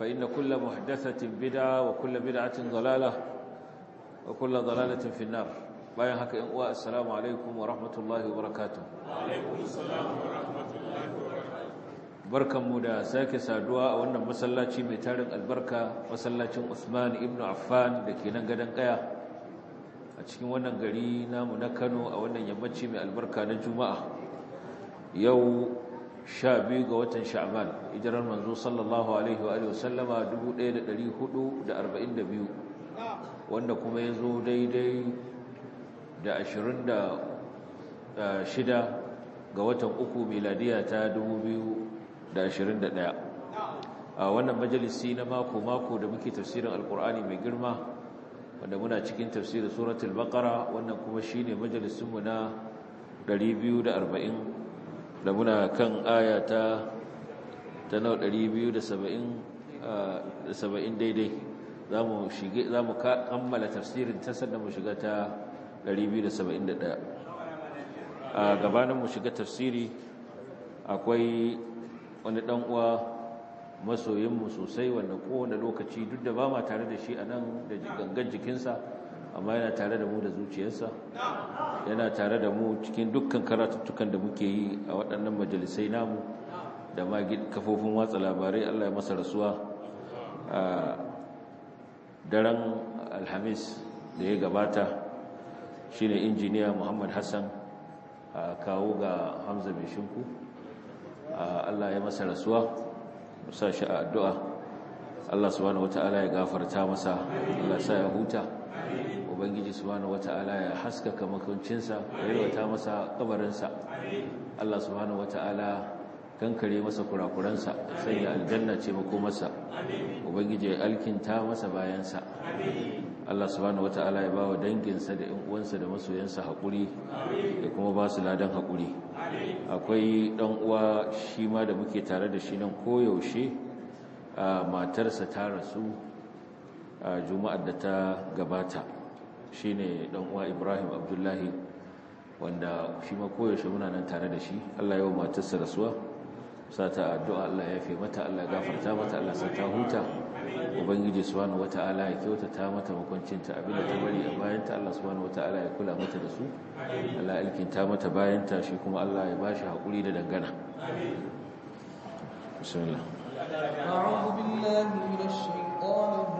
فإن كل محدثة بدعة وكل بدعة ضلالة وكل ضلالة في النار bayan haka yan uwa assalamu alaikum wa rahmatullahi wa barakatuh alaikum wa rahmatullahi wa barakatuh barkanmu da sake saduwa a wannan masallaci mai tarin albarka masallacin Usman ibn Affan dake nan gadan kaya a cikin wannan gari namu na Kano a wannan yammaci mai albarka na Juma'a yau sha biyu ga watan sha'ban ijirar manzo sallallahu alaihi wa alihi wasallama 1442 wanda kuma ya zo daidai da 26 ga watan uku miladiya ta 2021 a wannan majalisi na mako-mako da muke tafsirin alkur'ani mai girma wanda muna cikin tafsirin suratul baqara wannan kuma shine majalisinmu na 240 da muna kan ayata ta nau 270 daidai za mu kammala tafsirin ta sanda mu shiga ta 271 a gabanin mu shiga tafsiri akwai wani uwa masoyinmu sosai wanda kowane lokaci duk da ba ma tare da shi a nan da gangan jikinsa amma yana tare da mu da zuciyarsa yana tare da mu cikin dukkan karatuttukan da muke yi a waɗannan majalisai namu da ma kafofin watsa labarai Allah ya masa rasuwa a daren alhamis da ya gabata shi ne injiniya Muhammad Hassan a kawo ga Hamza mai shinku Allah ya masa rasuwa musa shi a addu'a Allah subhanahu ala ya gafarta masa Allah sa ya huta ubangiji subhanahu wata'ala ya haskaka makuncinsa ya yalwata masa kabarinsa Allah subhanahu wata'ala kankare masa kurakuransa ya aljanna ce makomarsa ubangiji ya alkinta masa bayansa Allah subhanahu wata'ala ya bawa danginsa da ƴan uwansa da masoyansa haƙuri da kuma ba su ladan haƙuri akwai ɗan uwa shi ma da muke tare da shi nan koyaushe matarsa ta rasu a juma'ar da ta gabata shine dan uwa Ibrahim Abdullahi wanda shi ma koyaushe muna nan tare da shi Allah ya wa matarsa rasuwa sata addu'a Allah ya fi mata Allah ya gafarta mata Allah sa ta huta ubangiji subhanahu wata'ala ya kyautata mata makwancinta abinda ta bari a bayanta Allah subhanahu wata'ala ya kula mata da su Allah alkinta mata bayanta shi kuma Allah ya bashi hakuri da dangana bismillah a'udhu billahi minash shaitanir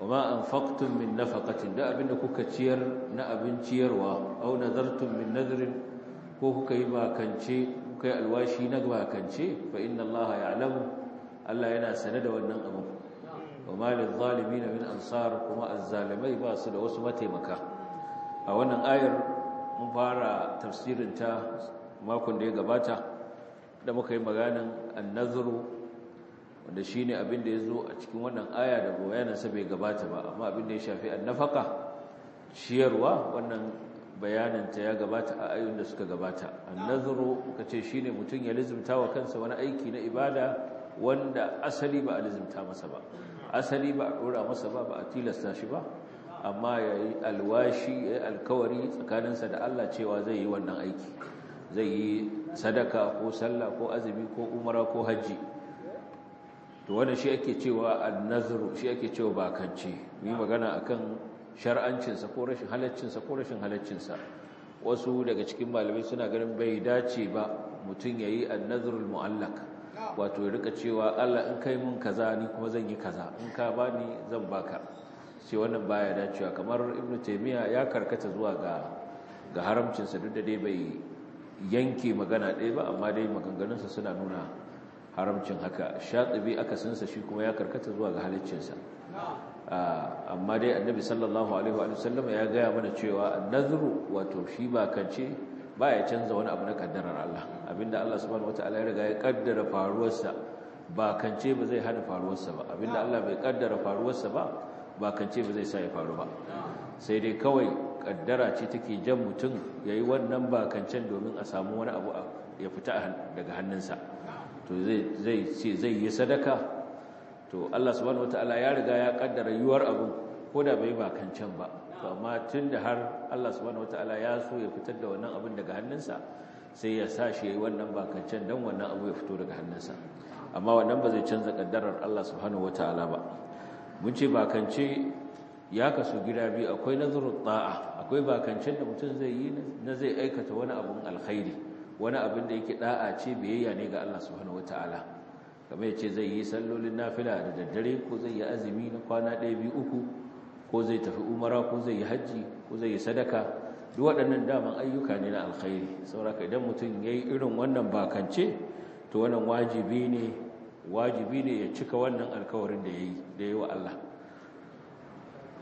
wa ma anfaqtum min nafaqatin da abinda kuka ciyar na abin ciyarwa aw min nadhr ko kuka yi bakance kuka yi alwashi na bakance fa inna allaha ya'lam allaha yana sanar da wannan abu wa ma lil zalimin min amsar, kuma az-zalimi ba su da wasu mataimaka a wannan ayar mun fara tafsirin ta makon da ya gabata da muka yi maganin an wanda ne abin da zo a cikin wannan aya da bayanin sa bai gabata ba amma abin da ya shafi a nafaka ciyarwa wannan bayanin ta ya gabata a ayyun da suka gabata ce kace shine mutum ya lizimta wa kansa wani aiki na ibada wanda asali ba a lizimta masa ba asali ba a ɗora masa ba ba a tilasta shi ba amma ya yi alwashi ya yi alkawari tsakaninsa da Allah cewa zai yi wannan aiki zai yi sadaka ko sallah ko azumi ko umara ko hajji to wannan shi ake cewa annazru shi ake cewa bakanci magana akan shar'ancinsa ko rashin halaccinsa ko rashin halaccinsa wasu daga cikin malamai suna ganin bai dace ba mutum yayi annazrul muallak wato ya rika cewa Allah in kai mun kaza ni kuma zan yi kaza in ka ba ni zan baka sai wannan baya dacewa kamar ibnu taymiya ya karkata zuwa ga ga haramcinsa duk da dai bai yanke magana ɗaya ba amma dai maganganunsa suna nuna haramcin haka aka sansa shi kuma ya karkata zuwa ga halicinsa ah, amma dai annabi sallallahu alaihi wa ya gaya mana cewa nazru wato shi ba kance ba ya canza wani abu na kaddarar Allah abinda Allah subhanahu wataala ya riga ya kaddara faruwarsa ba kance ba zai hana faruwarsa ba abinda Allah bai kaddara faruwarsa ba ba kance ba zai sa ya faru ba sai dai kawai kaddara ce take jan mutum yayi wannan ba kancen domin a samu wani abu ya fita daga hannunsa to zai ce zai yi sadaka to Allah subhanahu wataala ya riga ya kaddara yuwar abu ko da bai ba can ba to amma tun da har Allah subhanahu wataala ya so ya fitar da wannan abin daga hannunsa sai ya sa shi wannan can dan wannan abu ya fito daga hannunsa amma wannan ba zai canza kaddarar Allah subhanahu wataala ba mun ce ce ya kasu gida biyu akwai nazarin ta'a akwai can da mutum zai yi na zai aikata wani abun alkhairi wani abin da yake da'a ce biyayya ne ga Allah subhanahu wataala kamar ce zai yi sallolin nafila da daddare ko zai yi azumi na kwana ɗaya biyu uku ko zai tafi umara ko zai yi hajji ko zai yi sadaka duk waɗannan daman ayyuka ne na alkhairi sauraka idan mutum yayi irin wannan bakance to wannan wajibi ne wajibi ne ya cika wannan alkawarin da yayi da yayi wa Allah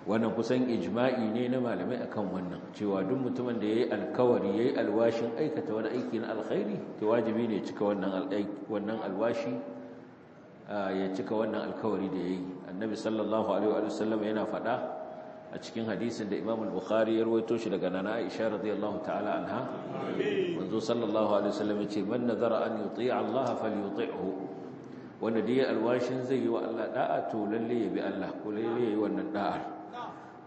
wannan kusan ijma'i ne na malamai akan wannan cewa duk mutumin da yayi alkawari yayi alwashin aikata wani aiki na alkhairi to wajibi ne cika wannan wannan alwashi ya cika wannan alkawari da yayi annabi sallallahu alaihi wa sallam yana faɗa a cikin hadisin da Imam al-Bukhari ya rawaito shi daga Nana Aisha radiyallahu ta'ala anha manzo sallallahu alaihi wa sallam yace man nazara an yuti'a Allah falyuti'hu wanda dai alwashin zai yi wa Allah da'a to lalle ya bi Allah ko lalle ya yi wannan da'a.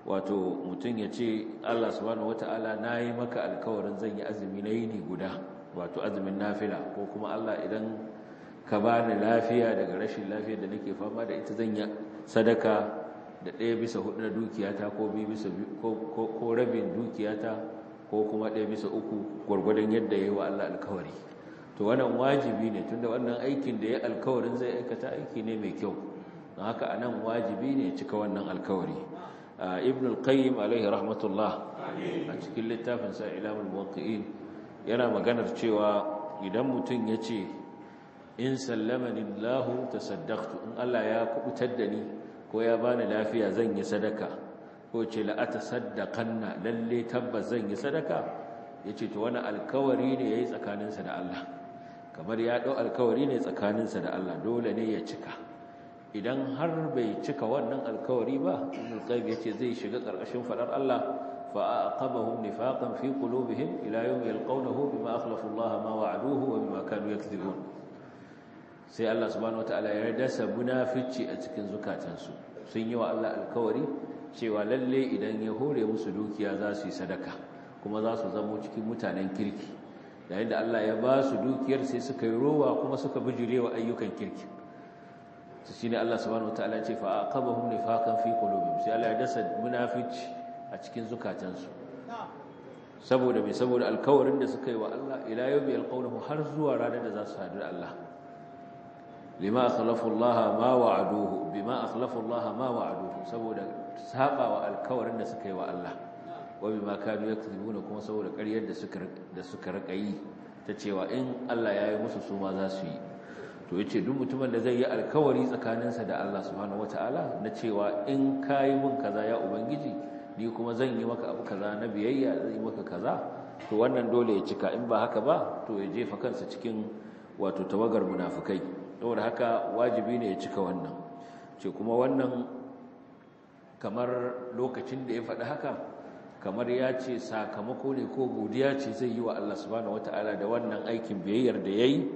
wato mutum ya ce Allah subhanahu wata'ala na yi maka alkawarin zan yi azumi na yini guda wato azumin nafila ko kuma Allah idan ka ba ni lafiya daga rashin lafiya da nake fama da ita zan yi sadaka da ɗaya bisa hudu na dukiyata ko biyu bisa ko rabin dukiyata ko kuma ɗaya bisa uku gwargwadon yadda ya yi wa Allah alkawari to wannan wajibi ne tunda wannan aikin da ya alkawarin zai aikata aiki ne mai kyau don haka anan wajibi ne cika wannan alkawari ibn al-qayyim alaihi rahmatullah a cikin littafin sa ilamul muwaqqi'in yana maganar cewa idan mutum ya ce in sallamani Allah tasaddaqtu in Allah ya kubutar da ni ko ya bani lafiya zan yi sadaka ko ce la atasaddaqanna lalle tabbas zan yi sadaka yace to wani alkawari ne yayi tsakaninsa da Allah kamar ya dau alkawari ne tsakaninsa da Allah dole ne ya cika idan har bai cika wannan alkawari ba ibn al ya yace zai shiga karkashin fadar Allah fa aqabahum nifaqan fi qulubihim ila yawm yalqawnahu bima akhlafu Allah ma wa'aduhu wa bima kanu yakdhibun sai Allah subhanahu wataala ya dasa munafici a cikin zukatansu sun yi wa Allah alkawari cewa lalle idan ya hore musu dukiya za su yi sadaka kuma za su zamo cikin mutanen kirki yayin da Allah ya ba su dukiyar sai suka yi rowa kuma suka bijirewa ayyukan kirki su shine Allah subhanahu wataala ya ce fa aqabahum nifaqan fi qulubihim sai Allah ya dasa munafici a cikin zukatansu saboda mai saboda alkawarin da suka yi wa Allah ila yawmi yalqawnahu har zuwa ranar da za su hadu da Allah lima akhlafu Allah ma wa'aduhu bima akhlafu Allah ma wa'aduhu saboda saba wa alkawarin da suka yi wa Allah wa bima kanu yakzibuna kuma saboda ƙaryar da suka da suka rika yi ta cewa in Allah ya yi musu su ma za su yi to yace duk mutumin da zai yi alkawari tsakaninsa da Allah subhanahu wataala na cewa in kayi mun kaza ya ubangiji ni kuma zan yi maka abu kaza na biyayya zan yi maka kaza to wannan dole ya cika in ba haka ba to ya jefa kansa cikin wato tawagar munafikai saboda haka wajibi ne ya cika wannan ce kuma wannan kamar lokacin da ya faɗi haka kamar ya ce sakamako ne ko godiya ce zai yi wa Allah subhanahu wataala da wannan aikin biyayyar da yayi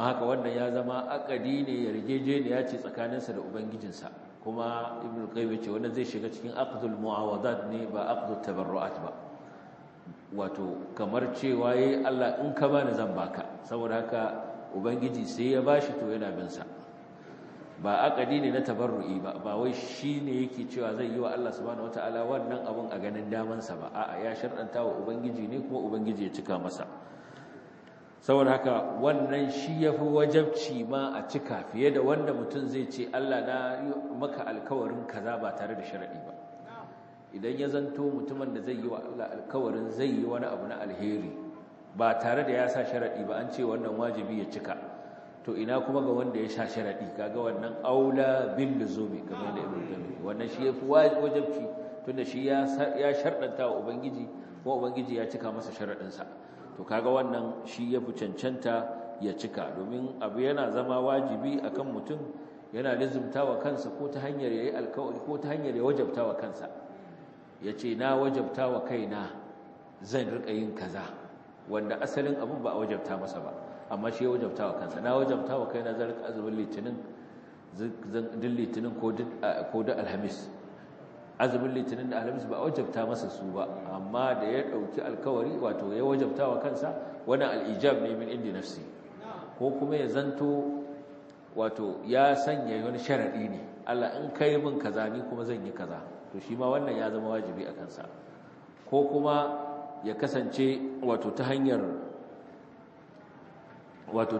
don haka wannan ya zama akadi ne ya yarjejeniya ce tsakaninsa da ubangijinsa kuma ibn qayyim ce wannan zai shiga cikin akadul muawadat ne ba akadul tabarruat ba wato kamar cewa yi Allah in ka bani zan baka saboda haka ubangiji sai ya bashi to yana bin sa ba akadi ne na tabarru'i ba ba wai shine yake cewa zai yi wa Allah su wata wataala wannan abun a ganin damansa ba a'a ya shirɗanta wa ubangiji ne kuma ubangiji ya cika masa saboda haka wannan shi ya fi wajabci ma a cika fiye da wanda mutum zai ce Allah na maka alkawarin kaza ba tare da sharaɗi ba idan ya zanto mutumin da zai yi wa Allah alkawarin zai yi wani abu na alheri ba tare da ya sa sharaɗi ba an ce wannan wajibi ya cika to ina kuma ga wanda ya sha sharaɗi kaga wannan aula bin luzumi kamar da ibn wannan shi ya fi wajabci tunda shi ya sharɗanta wa ubangiji kuma ubangiji ya cika masa sharaɗinsa sa to kaga wannan shi ya fi cancanta ya cika domin abu yana zama wajibi akan mutum yana wa kansa ko ta hanyar yayi alkawari ko ta hanyar ya wajabta wa kansa yace na wajabta wa kaina zan rika yin kaza wanda asalin abu ba a wajabta masa ba amma shi ya wajabta wa kansa na wajabta wa kaina zan rika azumin litinin litinin ko duk alhamis azumin litinin da alhamis ba a wajabta masa su ba amma da ya ɗauki alkawari wato ya wajabta wa kansa wani al'ijab ne min indi nafsi ko kuma ya zanto wato ya sanya wani sharaɗi ne Allah in kai min kaza ni kuma zan yi kaza to shi ma wannan ya zama wajibi a kansa ko kuma ya kasance wato ta hanyar wato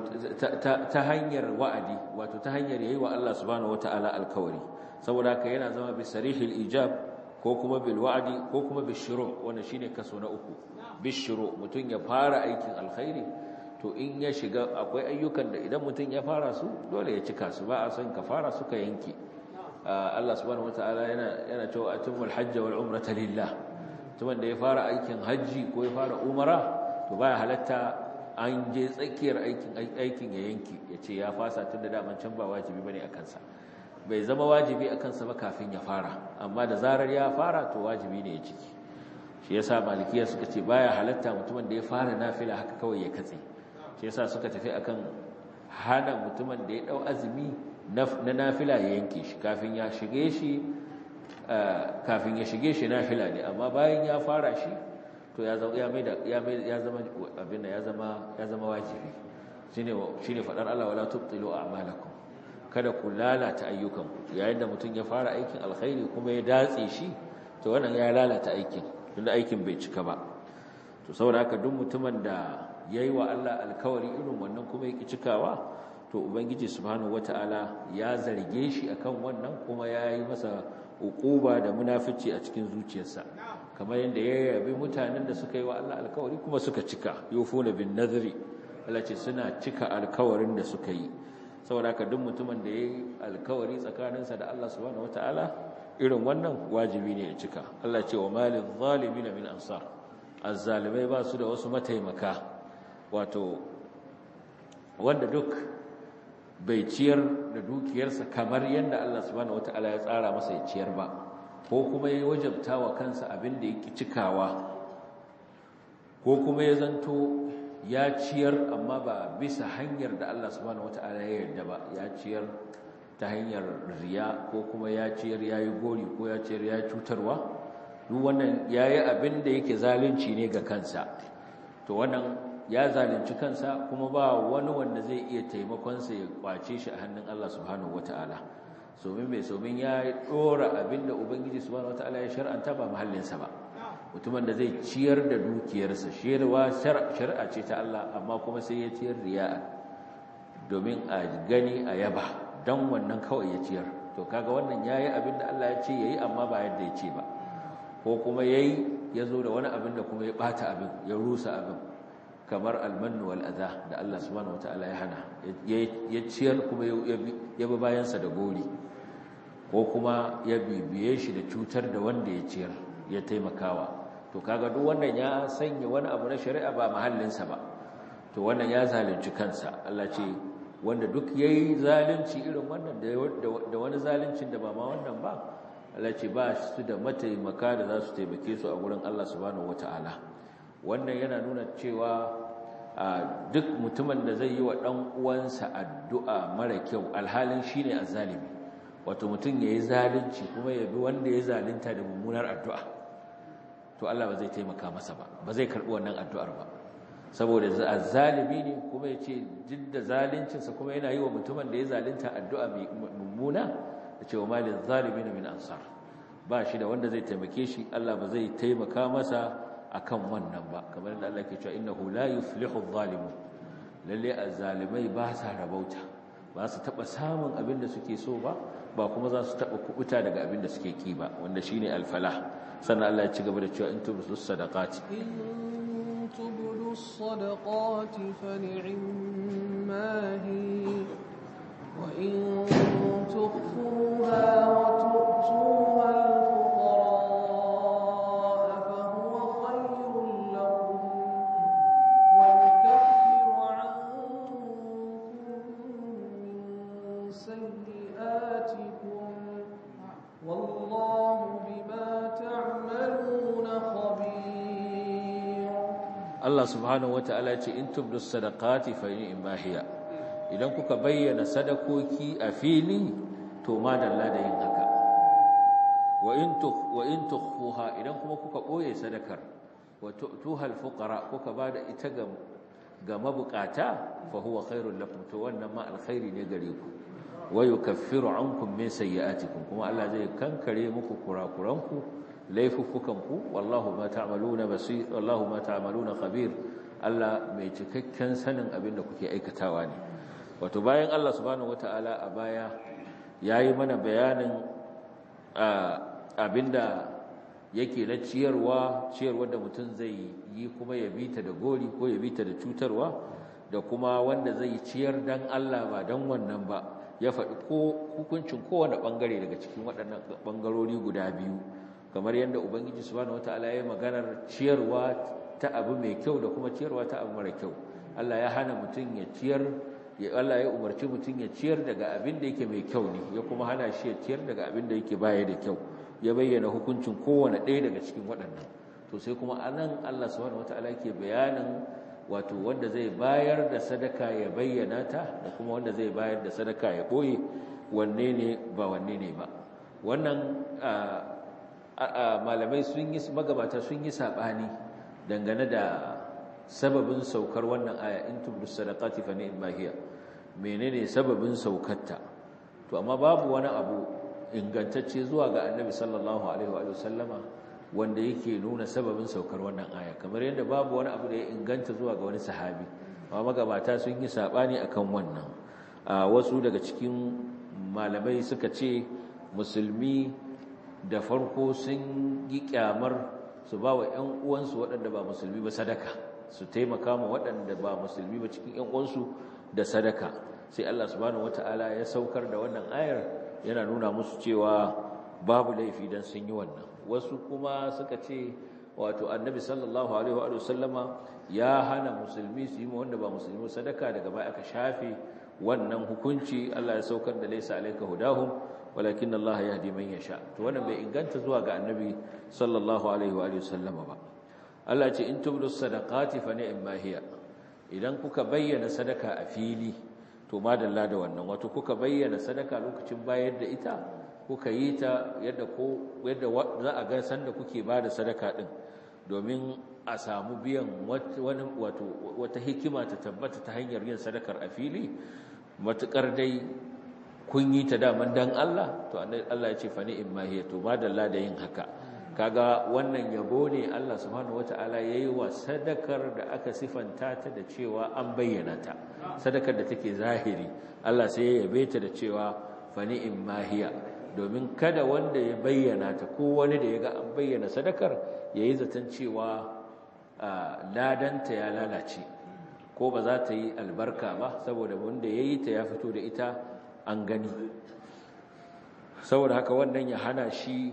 ta hanyar wa'adi wato ta hanyar yayi wa Allah subhanahu wataala alkawari saboda haka yana zama bi ijab ko kuma bil wa'di ko kuma bishru wannan shine kaso na uku bishru mutun ya fara aikin alkhairi to in ya shiga akwai ayyukan da idan mutun ya fara su dole ya cika su ba a son ka fara su ka yanke ah, Allah subhanahu wataala yana yana cewa atimul hajj wal umrata lillah mutumin da ya fara aikin hajji ko ya fara umara to baya halatta an je tsakiyar aikin aikin ya yanki ya ce ya fasa tun da daman can ba wajibi bane a kansa bai zama wajibi a kansa ba kafin ya fara amma da zarar ya fara to wajibi ne ya ciki shi yasa malikiya suka ce baya halatta mutumin da ya fara nafila haka kawai ya katse shi yasa suka tafi akan hana mutumin da ya dau azumi na fila ya yanke shi kafin ya shige shi kafin ya nafila ne amma bayan ya fara shi to ya zama wajibi shine shine fadar Allah wala a a'malakum kada ku lalata ayyukan ayyukanku yayin da mutum ya fara aikin alkhairi kuma ya datse shi to wannan ya lalata aikin tunda aikin bai cika ba to saboda haka duk mutumin da yayi wa Allah alkawari irin wannan kuma yake cikawa to ubangiji subhanahu wataala ya zarge shi akan wannan kuma ya yi masa uquba da munafici a cikin zuciyarsa kamar yadda ya yabi mutanen da suka yi wa Allah alkawari kuma suka cika yufuna bin nadri Allah ce suna cika alkawarin da suka yi saboda ka duk mutumin da ya yi alkawari tsakaninsa da Allah subhanahu wataala irin wannan wajibi ne ya cika Allah ce wa malin na min ansar azzalimai ba su da wasu mataimaka wato wanda duk bai ciyar da dukiyarsa kamar yadda Allah subhanahu wataala ya tsara masa ya ciyar ba ko kuma ya wajabta wa kansa abin da ya ki cikawa ko kuma ya zanto ya ciyar amma ba bisa hanyar da Allah subhanahu wata'ala ya yarda ba ya ciyar ta hanyar riya ko kuma ya ciyar ya yi gori ko ya ciyar ya cutarwa duk wannan ya yi abin da yake zalunci ne ga kansa to wannan ya zalunci kansa kuma ba wani wanda zai iya taimakonsa ya kwace shi a hannun Allah subhanahu wata'ala somin mai somin ya ɗora abin da ubangiji subhanahu wata'ala ya shar'anta ba mahallinsa ba mutumin da zai ciyar da dukiyarsa shirwa shari'a ce ta Allah amma kuma sai ya ciyar da riya'a domin a gani a yaba don wannan kawai ya ciyar to kaga wannan yayi abin da Allah ya ce ya yi, amma ba yadda ya ce ba ko kuma yayi ya zo da wani abin da kuma ya bata abin ya rusa abin kamar almannu wal da Allah subhanahu wataala ya hana ya ciyar kuma ya bi bayansa da gori ko kuma ya bibiye shi da cutar da wanda ya ciyar ya taimakawa to kaga duk wannan ya sanya wani abu na shari'a ba mahallinsa ba to wannan ya zalunci kansa Allah ce wanda duk yayi zalunci irin wannan da wani zaluncin da ba ma wannan ba Allah ce ba su da mataimaka da za su taimake su a gurin Allah subhanahu wataala wannan yana nuna cewa duk mutumin da zai yi wa dan uwansa addu'a mara kyau alhalin shine azzalimi wato mutum yayi zalunci kuma ya bi wanda ya zalunta da mummunar addu'a to Allah ba zai taimaka masa ba ba zai karbi wannan addu'ar ba saboda zalimi ne kuma ya ce duk da zaluncinsa kuma yana yi wa mutumin da ya zalunta addu'a mummuna da cewa malin zalimi min ansar ba shi da wanda zai taimake shi Allah ba zai taimaka masa akan wannan ba kamar da Allah ke cewa innahu la yuflihu adh dhalimu lalle azzalimai ba sa rabauta ba su taba samun abin da suke so ba ba kuma za su taba kubuta daga abin da suke ki ba wanda shine al-falah sannan Allah ya ci gaba da cewa in tubu sadaqati in tubu sadaqati fa ni'ma hi wa in tukhfuha wa tu'tuha Allah subhanahu wataala ce in tubdu sadaqati fa in hiya idan kuka bayyana sadakoki a fili to ma dalla da yin haka wa in wa in tukhuha idan kuma kuka ɓoye sadakar wa tu'tuha al-fuqara kuka bada ita ga ga mabukata fa huwa khairul lakum to wannan ma alkhairi ne gare ku wa yukaffiru ankum min sayyi'atikum kuma Allah zai kankare muku kurakuranku laifuffukanku wallahu ma ta'maluna basir wallahu ma ta'maluna khabir Allah mai cikakken sanin abin da kuke aikatawa ne wato bayan Allah subhanahu wataala a baya yayi mana bayanin abinda yake na ciyarwa ciyarwa da mutum zai yi kuma ya bita da gori ko ya bita da cutarwa da kuma wanda zai ciyar dan Allah ba dan wannan ba ya faɗi ko hukuncin kowane ɓangare daga cikin waɗannan bangarori guda biyu kamar yadda ubangiji subhanahu wataala ya maganar ciyarwa ta abu mai kyau da kuma ciyarwa ta abu mara kyau Allah ya hana mutum ya ciyar Allah ya umarci mutum ya ciyar daga abin da yake mai kyau ne ya kuma hana shi ya ciyar daga abin da yake baya da kyau ya bayyana hukuncin kowane ɗaya daga cikin waɗannan to sai kuma anan Allah subhanahu wataala yake bayanin wato wanda zai bayar da sadaka ya bayyana ta da kuma wanda zai bayar da sadaka ya boye wanne ne ba wanne ne ba wannan ah, malamai sun yi magabata sun yi saɓani, dangane da sababin saukar wannan aya in tubdu sadakati fa ni'ma hiya menene sababin saukarta to amma babu wani abu ingantacce zuwa ga annabi sallallahu alaihi wa sallama wanda yake nuna sababin saukar wannan aya kamar yadda babu wani abu da ya inganta zuwa ga wani sahabi amma magabata sun yi sabani akan wannan wasu daga cikin malamai suka ce musulmi da farko sun yi kyamar su ba wa ‘yan uwansu waɗanda ba musulmi ba sadaka su taimaka ma waɗanda ba musulmi ba cikin ‘yan uwansu da sadaka sai Allah subhanahu wata'ala ya saukar da wannan ayar yana nuna musu cewa babu laifi don sun yi wannan wasu kuma suka ce wato annabi sallallahu alaihi wa sallama ya hana musulmi su yi wanda ba musulmi sadaka daga baya aka shafe wannan hukunci Allah ya saukar da laisa alaika hudahum walakin Allah yahdi man sha. to wannan bai inganta zuwa ga annabi sallallahu alaihi wa alihi ba Allah ce in tubdu sadaqati fa ni'ma hiya idan kuka bayyana sadaka a fili to madalla da wannan wato kuka bayyana sadaka lokacin bayar da ita kuka yi ta yadda ko yadda za a ga sanda kuke bada sadaka din domin a samu biyan wani wato wata hikima ta tabbata ta hanyar yin sadakar a fili matukar dai kun yi ta daman dan Allah to Allah ya ce fa ma hiya to madalla da yin haka kaga wannan yabo ne Allah subhanahu wataala yayi wa sadakar da aka sifanta ta da cewa an bayyana ta sadakar da take zahiri Allah sai ya yabe ta da cewa fa ma hiya domin kada wanda ya bayyana ta ko wani da ya ga an bayyana sadakar yayi zaton cewa ladanta ya lalace ko ba za ta yi albarka ba saboda wanda yayi ta ya fito da ita an gani saboda haka wannan ya hana shi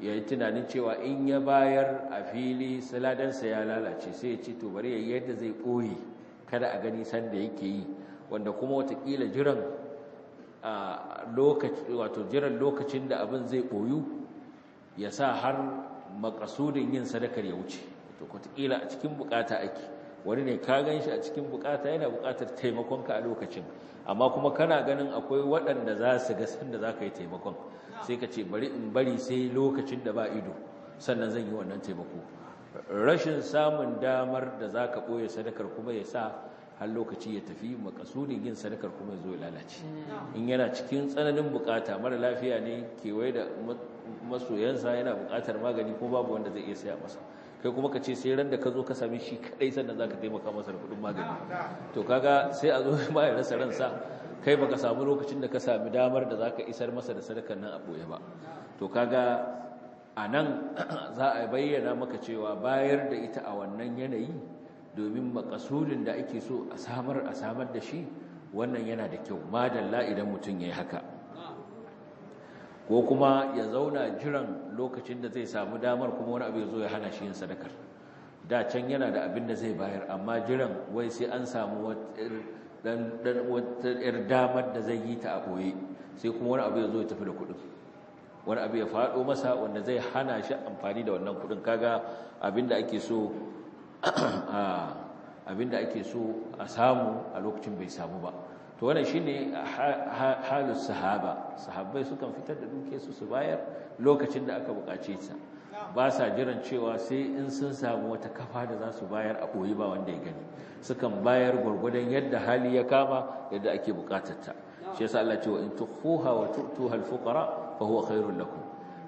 ya yi tunanin cewa in ya bayar a fili saladansa ya lalace sai ya ce to bari ya yadda zai ɓoye kada a gani sanda yake yi wanda kuma watakila jiran wato jiran lokacin da abin zai ɓoyu ya sa har makasudin yin sadakar ya wuce to watakila a cikin bukata ake wani ne ka gan shi a cikin bukata yana bukatar taimakon ka a lokacin amma kuma kana ganin akwai waɗanda za su ga sanda za ka yi taimakon sai ka ce bari in bari sai lokacin da ba ido sannan zan yi wannan taimako rashin samun damar da za ka ɓoye sadakar kuma ya sa har lokaci ya tafi makasudin yin sadakar kuma ya zo ya lalace in yana cikin tsananin bukata mara lafiya ne kewaye da masoyansa yana bukatar magani ko babu wanda zai iya saya masa kai kuma ka ce sai ran da ka zo ka sami shi kadai sannan zaka taimaka masa da kudin magani to kaga sai a zo ma ya rasa ransa kai baka samu lokacin da ka sami damar da zaka isar masa da sadaka nan a boye ba to kaga a nan za a bayyana maka cewa bayar da ita a wannan yanayi domin makasudin da ake so a samar a samar da shi wannan yana da kyau madalla idan mutum ya yi haka ko kuma ya zauna jiran lokacin da zai samu damar kuma wani abu ya zo ya hana shi yin sadakar da can yana da abin da zai bayar amma jiran wai sai an samu er, wata yar er damar da zai yi ta a ɓoye sai kuma wani abu ya zo ya tafi da kuɗin wani abu ya faɗo masa wanda zai hana shi amfani da wannan kuɗin kaga abin da ake so abin da ake so a samu a lokacin bai samu ba to wannan shine halus sahaba sahabbai sukan fitar da duke su su bayar lokacin da aka bukace ta ba sa jiran cewa sai in sun samu wata kafa da za su bayar a koyi ba wanda ya gani sukan bayar gwargwadon yadda hali ya kama yadda ake bukatar ta shi yasa Allah ce wa in tukhuha wa tu'tuha al-fuqara fa huwa khairul lakum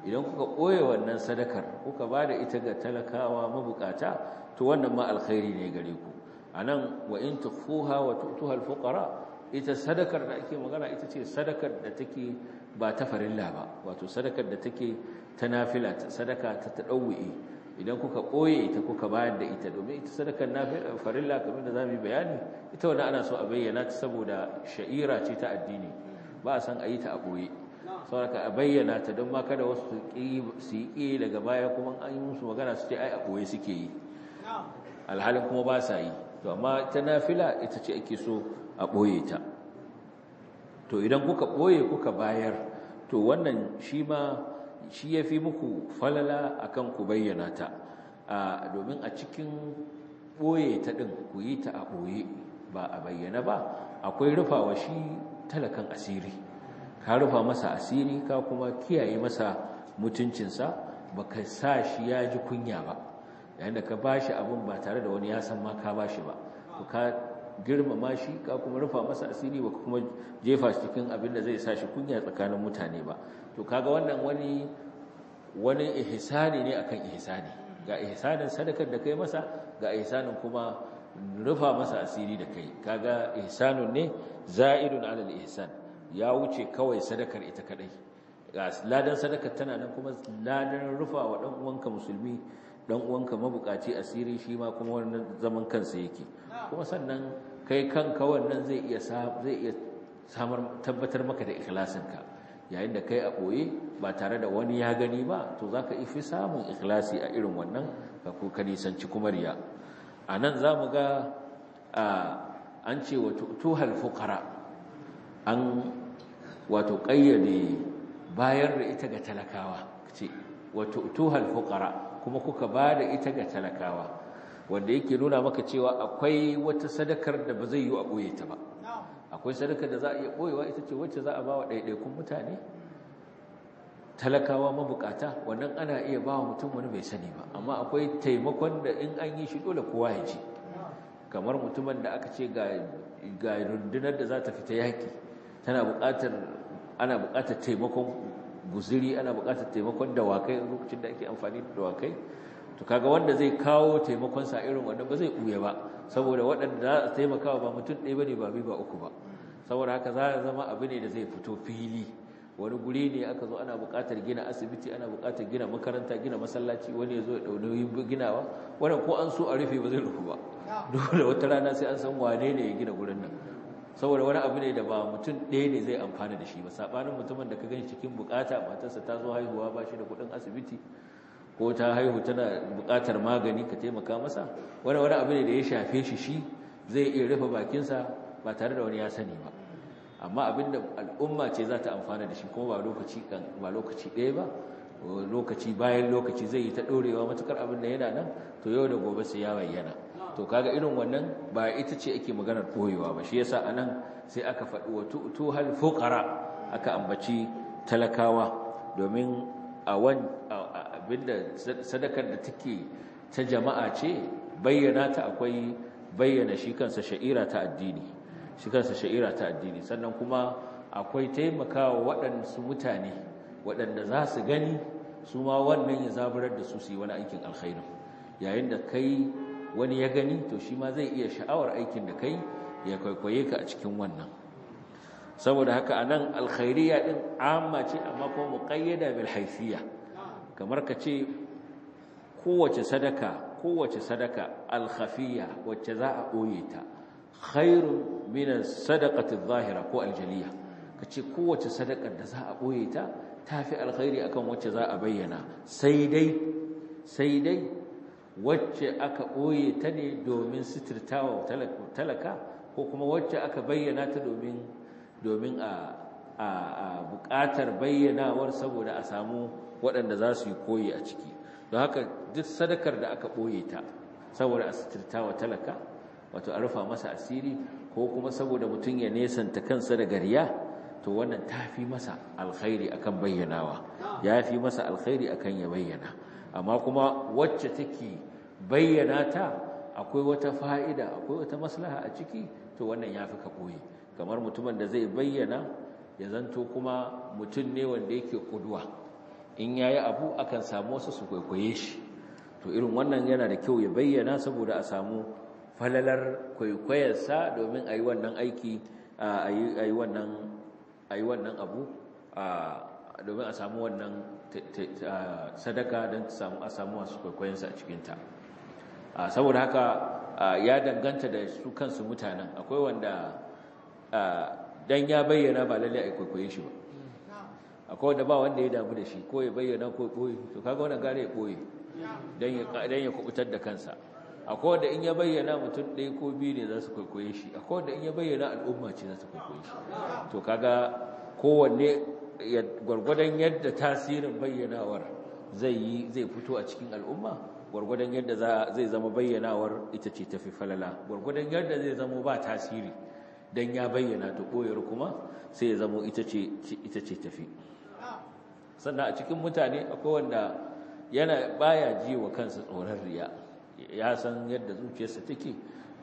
idan kuka koye wannan sadakar kuka ba da ita ga talakawa mabukata to wannan ma alkhairi ne gare ku anan wa in tukhuha wa tu'tuha al-fuqara ita sadakar da ake magana ita ce sadakar da take ba ta farilla ba wato sadakar da take ta nafila sadaka ta tadawwi idan kuka koye ita kuka bayar da ita domin ita sadakar nafila farilla kamar da zamu bayani ita wannan ana so a bayyana ta saboda sha'ira ce ta addini ba a san a yi ta a koye sauraka a bayyana ta don ma kada wasu su yi daga baya kuma an yi musu magana su ce ai a ɓoye suke yi alhalin kuma ba sa yi to amma ta nafila ita ce ake so a ɓoye ta to idan kuka ɓoye kuka bayar to wannan shi ma shi ya fi muku falala akan ku bayyana ta domin a cikin ɓoye ta ɗin ku yi ta a ɓoye ba a bayyana ba akwai rufawa shi talakan asiri ka rufa masa asiri ka kuma kiyaye masa mutuncinsa ba ka sa shi ya ji kunya ba yayin da ka ba shi abin ba tare da wani ya san ma ka ba shi ba ka girmama shi ka kuma rufa masa asiri ba kuma jefa shi cikin abin da zai sa shi kunya tsakanin mutane ba to kaga wannan wani wani ihsani ne akan ihsani ga ihsanin sadakar da kai masa ga ihsanin kuma rufa masa asiri da kai kaga ihsanun ne za'idun alal ihsan ya wuce kawai sadakar ita kadai ga ladan sadakar tana nan kuma ladan rufa wa dan uwanka musulmi dan uwanka mabukaci asiri shi ma kuma wannan zaman kansa yake kuma sannan kai kanka wannan zai iya zai iya samar tabbatar maka da ikhlasinka yayin da kai a boye ba tare da wani ya gani ba to zaka ifi samun ikhlasi a irin wannan ka ko ka nisanci kuma riya anan zamu ga an ce wato tuhal fuqara an wato kayyade bayar da ita ga talakawa ce Wato tuhal fuqara kuma kuka ba da ita ga talakawa wanda yake nuna maka cewa akwai wata sadakar da ba zai yi a ɓoye ta ba akwai sadakar da za a iya ɓoyewa ita ce wacce za a ba wa ɗaiɗaikun mutane talakawa mabukata wannan ana iya ba wa mutum wani bai sani ba amma akwai taimakon da in an yi shi dole kowa ya ji kamar mutumin da aka ce ga rundunar da za ta fita yaki tana buƙatar ana buƙatar taimakon guziri ana buƙatar taimakon dawakai lokacin da ake amfani da dawakai to kaga wanda zai kawo taimakon sa irin wannan ba zai buya ba saboda waɗanda za a taimakawa ba mutum ɗaya bane ba bi ba uku ba saboda haka za a zama abu ne da zai fito fili wani guri ne aka zo ana buƙatar gina asibiti ana buƙatar gina makaranta gina masallaci wani ya zo ya ɗau nauyin ginawa wannan ko an so a rufe ba zai rufu ba dole wata rana sai an san wane ne ya gina gurin nan saboda wani abu ne da ba mutum ɗaya ne zai amfana da shi ba saɓanin mutumin da ka gani cikin bukata matarsa ta zo haihuwa ba shi da kuɗin asibiti ko ta haihu tana buƙatar magani ka taimaka masa wani wani abu ne da ya shafe shi shi zai iya rufe bakinsa ba tare da wani ya sani ba amma abin da al'umma ce za ta amfana da shi kuma ba lokaci ba lokaci ɗaya ba lokaci bayan lokaci zai yi ta ɗorewa matukar abin da yana nan to yau da gobe sai ya bayyana to kaga irin wannan ba ita ce ake maganar koyewa ba shi yasa anan sai aka faɗi wa tu'tu hal fuqara aka ambaci talakawa domin a wan abinda sadakar da take ta jama'a ce bayyana ta akwai bayyana shi kansa sha'ira ta addini shi kansa sha'ira ta addini sannan kuma akwai taimakawa waɗansu mutane waɗanda za su gani su ma wannan ya zaburar da su su yi wani aikin alkhairin yayin da kai wani ya gani to shi ma zai iya sha'awar aikin da kai ya kwaikwaye ka a cikin wannan saboda haka anan alkhairiya ɗin amma ce amma ko ƙayyada bil haythiyya kamar ka ce kowace sadaka kowace sadaka alkhafiya, wacce za a ɓoye ta khairun min as zahira ko aljaliya kace kowace sadakar da za a ɓoye ta tafi alkhairi akan wacce za a bayyana sai dai sai dai wacce aka ɓoye ta ne domin suturtawa talaka ko kuma wacce aka bayyana ta domin a buƙatar bayyanawar saboda a samu waɗanda za su yi koyi a ciki don haka duk sadakar da aka ɓoye ta saboda a suturtawa talaka wato a rufa masa asiri ko kuma saboda mutum ya nesanta kansa da gariya to wannan ta fi masa alkhairi akan bayyanawa ya fi masa alkhairi akan ya bayyana amma kuma wacce take bayyana ta akwai wata fa'ida akwai wata maslaha a ciki to wannan ya fi ka koyi kamar mutumin da zai bayyana ya zanto kuma mutum ne wanda yake kuduwa in ya yi abu akan samu wasu su kwaikwaye shi to irin wannan yana da kyau ya bayyana saboda a samu falalar kwaikwayarsa domin a yi wannan aiki a yi wannan abu domin a samu wannan sadaka don a samu wasu kwaikwayensa a cikinta Ah, saboda haka ah, ya danganta da su kansu mutanen akwai wanda ah, dan ya bayyana ba lalle a kwaikwaye shi ba akwai wanda ba wanda ya damu da shi ko ya bayyana ko ya to kaga wannan gare ya koyi dan ya kubutar da kansa akwai wanda in ya bayyana mutum ɗaya ko biyu ne za su kwaikwaye shi akwai wanda in ya bayyana al'umma ce za su kwaikwaye shi to kaga kowanne gwargwadon yadda tasirin bayyanawar zai yi zai fito a cikin al'umma gwargwadon yadda zai zama bayyanawar ita ce tafi falala gwargwadon yadda zai zama ba tasiri don ya bayyana ta koyar kuma sai ya zama ita ce tafi sannan a cikin mutane akwai wanda yana baya ji wa kansa tsoron riya ya san yadda zuciyarsa take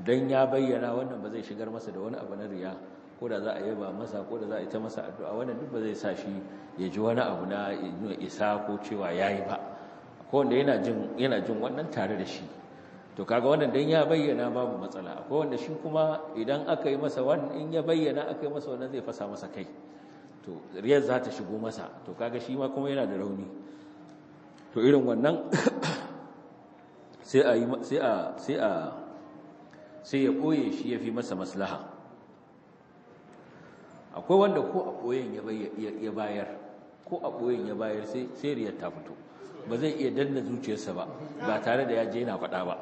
don ya bayyana wannan ba zai shigar masa da wani abu na riya ko da za a yi ba masa ko da za a yi ta masa addu'a wannan duk ba zai sa shi ya ji wani abu na isa ko cewa ya yi ba akwai wanda yana jin yana jin wannan tare da shi to kaga wannan dan ya bayyana babu matsala akwai wanda shi kuma idan aka yi masa wannan in ya bayyana aka yi masa wannan zai fasa masa kai to riyar za ta shigo masa to kaga shi ma kuma yana da rauni to irin wannan sai a yi sai a sai a sai ya koye shi ya fi masa maslaha akwai wanda ko a koyen ya bayar ko a koyen ya bayar sai sai riyar ta fito ba zai iya danna zuciyarsa ba ba tare da ya je yana faɗa ba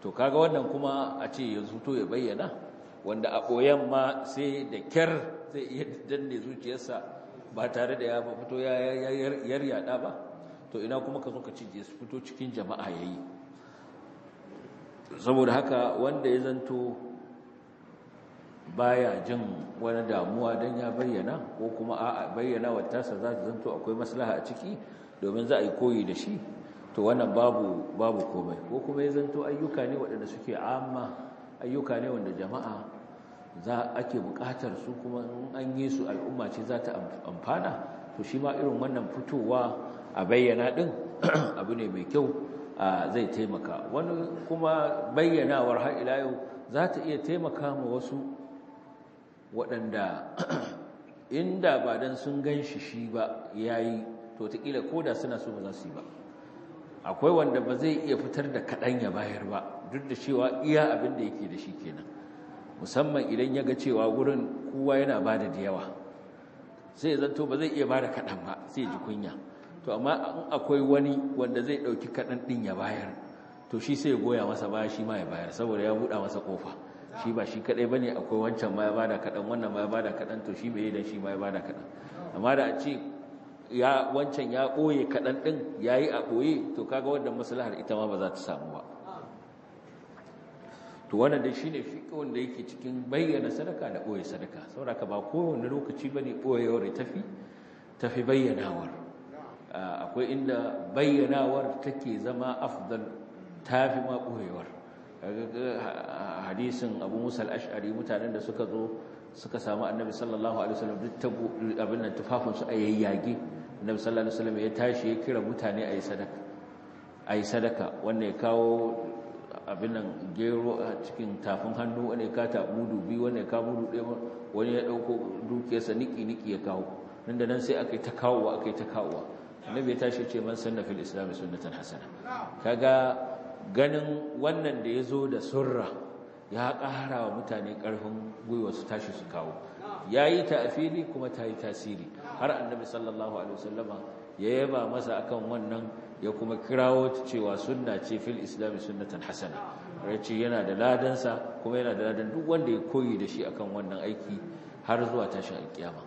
to kaga wannan kuma a ce ya zuto ya bayyana wanda a ɓoyen ma sai da kyar zai iya danne zuciyarsa ba tare da ya fito ya yada ba to ina kuma ka zo ka cije su fito cikin jama'a yayi saboda haka wanda ya zanto baya jin wani damuwa don ya bayyana ko kuma a bayyana wata sa za ta zanto akwai maslaha a ciki domin za a yi koyi da shi to wannan babu babu komai ko kuma ya zanto ayyuka ne waɗanda suke amma ayyuka ne wanda jama'a za ake buƙatar su kuma an yi su al'umma ce za ta amfana to shi ma irin wannan fitowa a bayyana ɗin abu ne mai kyau zai taimaka wani kuma bayyanawar har ila yau za ta iya taimaka ma wasu waɗanda inda ba don sun gan shi shi ba ya yi to ko da suna so ba za su yi ba akwai wanda ba zai iya fitar da kaɗan ya bayar ba duk da cewa iya abin da yake da shi kenan musamman idan ya ga cewa gurin kowa yana ba da yawa sai ya zanto ba zai iya ba da kaɗan ba sai ji kunya to amma in akwai wani wanda zai ɗauki kaɗan ɗin ya bayar to shi sai ya goya masa baya shi ma ya bayar saboda ya buɗa masa ƙofa shi ba shi kaɗai ba ne akwai wancan ma ya ba da kaɗan wannan ma ya ba da kaɗan to shi bai yi da shi ma ya ba da kaɗan amma da a ce ya wancan ya ɓoye kaɗan ɗin ya yi a ɓoye to kaga wadda maslahar ita ma ba za ta samu ba to wannan da shi ne fiƙon da yake cikin bayyana sadaka da ɓoye sadaka sauraka ba kowane lokaci ba ne ɓoyewar tafi tafi bayyanawar akwai inda bayyanawar take zama afdal fi ma ɓoyewar hadisin abu musal ash'ari mutanen da suka zo suka samu annabi sallallahu alaihi wasallam duk abin nan tufafinsu a yayyage annabi sallallahu alaihi wasallam ya tashi ya kira mutane ayi sadaka ayi sadaka wanda ya kawo abin nan gero a cikin tafin hannu wanda ya ka tabu dubi wanda ya ka mudu ɗaya wani ya ɗauko dukiyarsa niki niki ya kawo nan da nan sai aka yi ta kawowa aka ta kawowa annabi ya tashi ce man sanna fil islam sunnatan hasana kaga ganin wannan da ya zo da surra ya ƙara wa mutane ƙarfin gwiwa su tashi su kawo yayi ta'afili kuma ta yi tasiri har annabi sallallahu alaihi wasallama ya yaba masa akan wannan ya kuma kirawo cewa sunna ce fil islam sunnatan hasana yace yana da ladansa kuma yana da ladan duk wanda ya koyi da shi akan wannan aiki har zuwa tashin alkiyama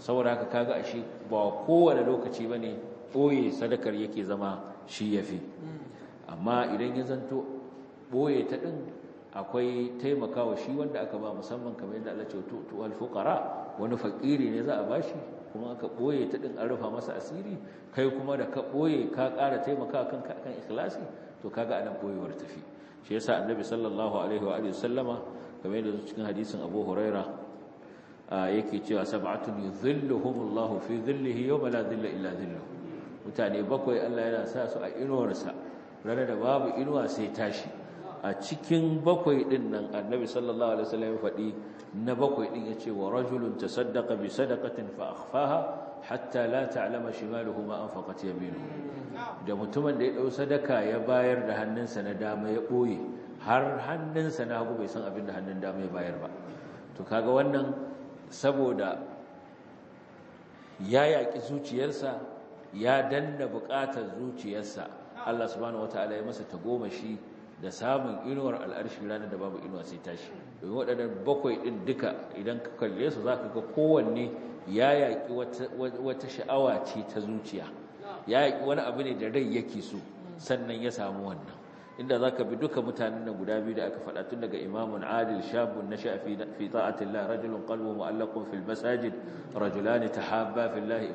saboda haka kaga ashe ba kowane lokaci bane boye sadakar yake zama shi yafi amma idan ya zanto boye ta din akwai taimakawa shi wanda aka ba musamman kamar yadda Allah ce to wani fakiri ne za a bashi kuma aka boye ta din an rufa masa asiri kai kuma da ka boye ka ƙara taimakawa kanka akan ikhlasi to kaga anan boyewar tafi shi yasa annabi sallallahu alaihi wa alihi sallama kamar yadda cikin hadisin Abu Huraira yake cewa sab'atun yuzilluhumullahu fi dhillihi yawma la dhilla illa dhilluhu mutane bakwai Allah yana sa su a inuwarsa ranar da babu inuwa sai tashi a cikin bakwai ɗin nan annabi sallallahu alaihi wasallam ya faɗi na bakwai ya ce wa rajulun tasaddaqa bi sadaqatin fa akhfaha hatta la ta'lama shimaluhu ma anfaqat yaminuhu da mutumin da ya dau sadaka ya bayar da hannunsa na dama ya boye har hannunsa na hagu bai san abin da hannun dama ya bayar ba to kaga wannan saboda ya yaki zuciyarsa ya danna bukatar zuciyarsa Allah subhanahu wataala ya masa tagomashi da samun inuwar al'arshi ranar da babu inuwa sai tashi domin waɗannan bakwai ɗin duka idan ka kalle su za ka ga kowanne ya yaƙi wata sha'awa ce ta zuciya ya yaƙi wani abu ne da rai yake so sannan ya samu wannan inda za ka bi duka mutanen na guda biyu da aka faɗa tun daga imamun adil shabun na sha'afi fi ta'atillah rajulun qalbu mu'allaqun fil masajid rajulani tahabba fillahi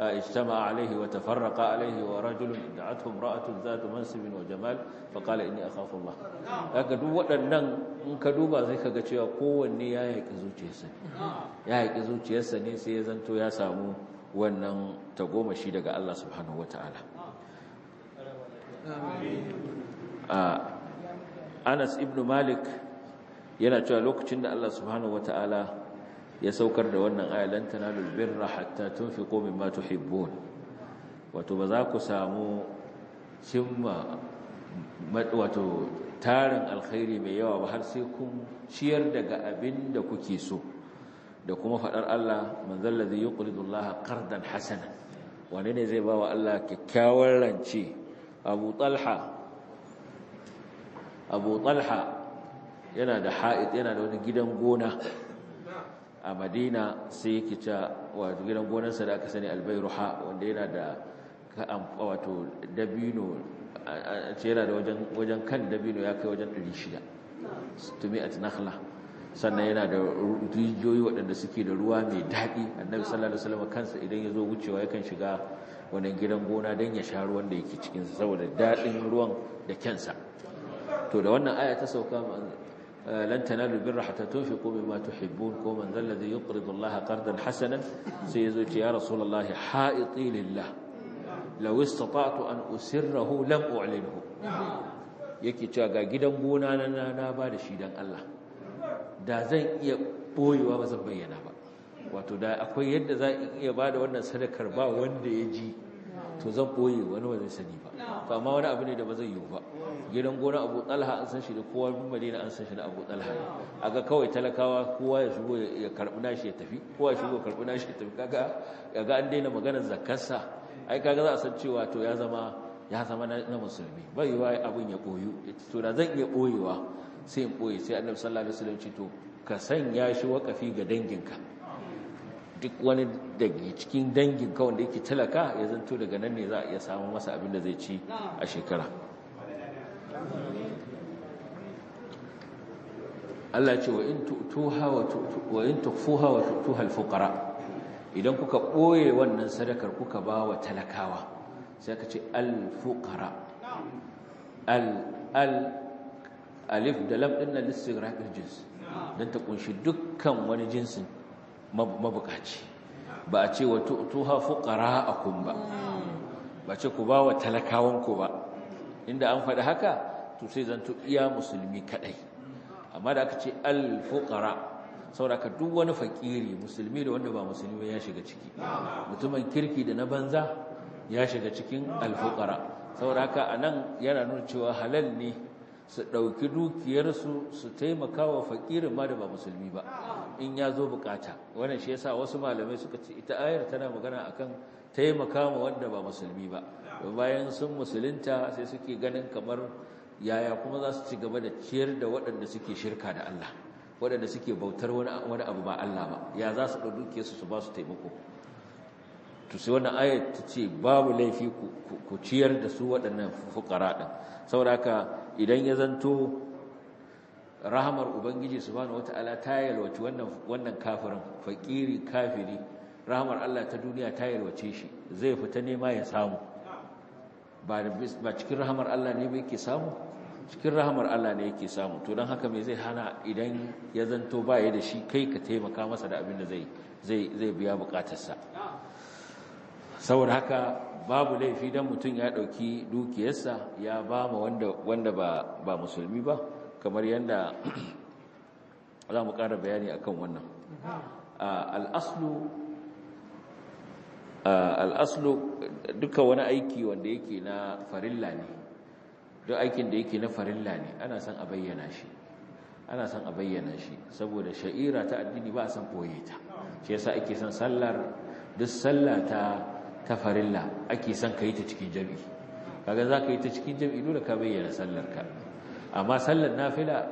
اجتمع عليه وتفرق عليه ورجل دعته امرأة ذات منصب وجمال فقال إني أخاف الله kaga duk waɗannan in ka duba sai kaga cewa kowanne ya yaƙi zuciyarsa ya yaƙi zuciyarsa ne sai ya zanto ya samu wannan tagomashi daga Allah subhanahu wataala Anas ibn Malik yana cewa lokacin da Allah subhanahu wataala ya saukar da wannan aya lan birra hatta tunfiqu mimma tuhibbun wato ba za ku samu cimma wato tarin alkhairi mai yawa ba har sai kun ciyar daga abin da kuke so da kuma fadar Allah man zallazi yuqridu Allah qardan hasana wane ne zai ba wa Allah kyakkyawar rance Abu Talha Abu Talha yana da ha'id yana da wani gidan gona a madina sai yake ca wato gidan gonarsa da aka sani albairuha wanda yana da wato dabino a ce yana da wajen kan dabino ya kai wajen 600 tumi at nakhla sannan yana da rijiyoyi waɗanda suke da ruwa mai daɗi annabi sallallahu alaihi wasallam kansa idan ya zo wucewa yakan shiga wani gidan gona don ya sha ruwan da yake cikinsa, saboda daɗin ruwan da kyansa to da wannan aya ta sauka Lantana tanalu Rahata, hatta komai mimma tuhibbun ko man zal ladhi yuqridu Allah qardan hasanan sai yazo ce ya rasulullah haiti lillah law an usirrahu lam u'linhu yake cewa ga gidan gona na na ba da shi dan Allah da zan iya boyewa ba zan bayyana ba wato da akwai yadda za in iya bada wannan sadakar ba wanda ya ji to zan boye wani ba sani ba to amma wani abu ne da ba zai yiwu ba gidan gona abu talha an san shi da kowa bin madina an san shi da abu talha a ga kawai talakawa kowa ya shigo ya karbi nashi ya tafi kowa ya shigo karbi nashi ya tafi kaga ya ga an daina maganar zakarsa ai kaga za a san cewa to ya zama ya zama na musulmi bai wa abin ya koyu to da zan iya boyewa sai in boye sai annabi sallallahu alaihi wasallam ce to ka sanya shi wakafi ga danginka duk wani daga cikin dangin kawai da yake talaka ya zanto daga nan ne za a iya samun masa abin da zai ci a shekara Allah ce wa in tu'tuha wa wa in wa tu'tuha al-fuqara idan kuka boye wannan sadakar kuka bawa wa talakawa sai ka ce al-fuqara al al alif da lam din nan lissighraqil jins dan ta kunshi dukkan wani jinsin mabukaci ba a ce wa tu'tuha akum ba ba ce ku bawa wa talakawan ba inda an faɗi haka to sai zanto iya musulmi kadai amma da aka ce al-fuqara saboda duk wani fakiri musulmi da wanda ba musulmi ya shiga ciki mutumin kirki da na banza ya shiga cikin al-fuqara saboda haka anan yana nuna cewa halal ne su dauki dukiyarsu su taimaka wa fakirin ma da ba musulmi ba in ya zo bukata wannan shi yasa wasu malamai suka ce ita ayar tana magana akan taimaka wa wanda ba musulmi ba bayan sun musulunta sai suke ganin kamar yaya kuma za su ci gaba da ciyar da waɗanda suke shirka da Allah waɗanda suke bautar wani abu ba Allah ba ya za su ɗauke su su ba su taimako to sai wannan ce babu laifi ku ciyar da su waɗannan fukara ɗin sauraka idan ya zanto rahamar ubangiji subhanahu wataala ta yalwaci wannan wannan kafirin fakiri kafiri rahamar Allah ta duniya ta yalwace shi zai fita nema ya samu ba cikin rahamar Allah ne ba yake samu cikin rahamar Allah ne yake samu to don haka mai zai hana idan ya zanto baya da shi kai ka taimaka masa da abin da zai zai biya bukatarsa saboda haka babu laifi don mutum ya dauki dukiyarsa ya ba ma wanda ba musulmi ba kamar yadda za mu kara bayani akan wannan al'aslu duka wani aiki wanda yake na farilla ne duk aikin da yake na farilla ne ana son a bayyana shi ana son a bayyana shi saboda sha'ira ta addini ba a son koye ta shi yasa ake son sallar duk sallah ta ta farilla ake son ka yi ta cikin jami'i. kaga za yi ta cikin jami'i, dole ka bayyana sallar ka amma sallar nafila